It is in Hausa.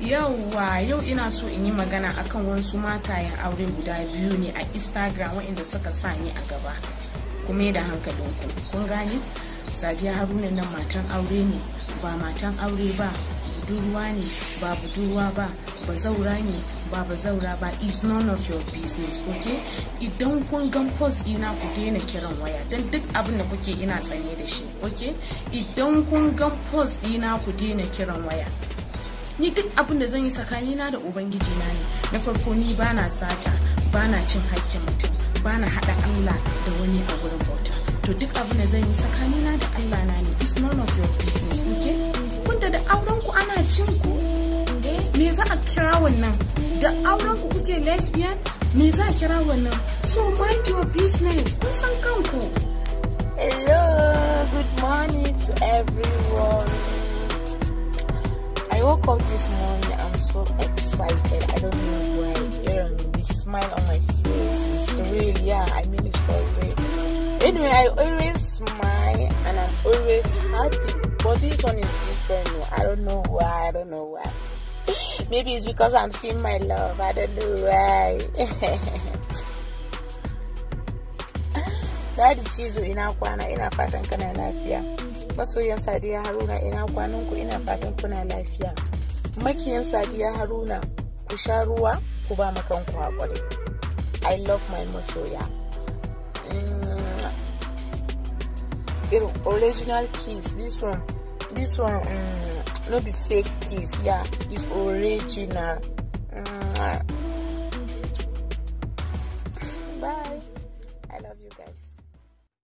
yauwa yau ina so in yi magana akan wasu matayen aure guda biyu ne a instagram waɗanda suka sa ni a gaba kuma da ku. kun gane sadiya haruna nan matan aure ne ba matan aure ba budurwa ne ba budurwa ba ba zaura ne ba ba zaura ba is none of your business ok idan kun gan post ina ku daina kiran waya don duk abin da kuke ina tsanye da shi ok idan kun gan post ina ku daina kiran waya ni duk abin da zan yi na da ubangiji na ne na farko ni bana sata bana cin hakkin mutum bana haɗa allah da wani a gurin bauta to duk abin da zan yi na da allah na ne it's none of your business okay kun da auren ku ana cin ku eh? me za a kira wannan da auren ku kuke lesbian me za a kira wannan so mind your business kun san kanku hello good morning to everyone woke up this morning, I'm so excited. I don't know why. Um, the smile on my face is real. Yeah, I mean it's for real. Anyway, I always smile and I'm always happy. But this one is different. I don't know why. I don't know why. Maybe it's because I'm seeing my love. I don't know why. Daddy Chizu inakwana inafata nkana lafiya masoyan sadiya haruna ina kwanan ku ina fatan kuna lafiya makiyan sadiya haruna ku sha ruwa ku ba kanku haƙuri i love my masoya mm. irin original kiss this one this one um, no be fake kiss yeah it's original mm.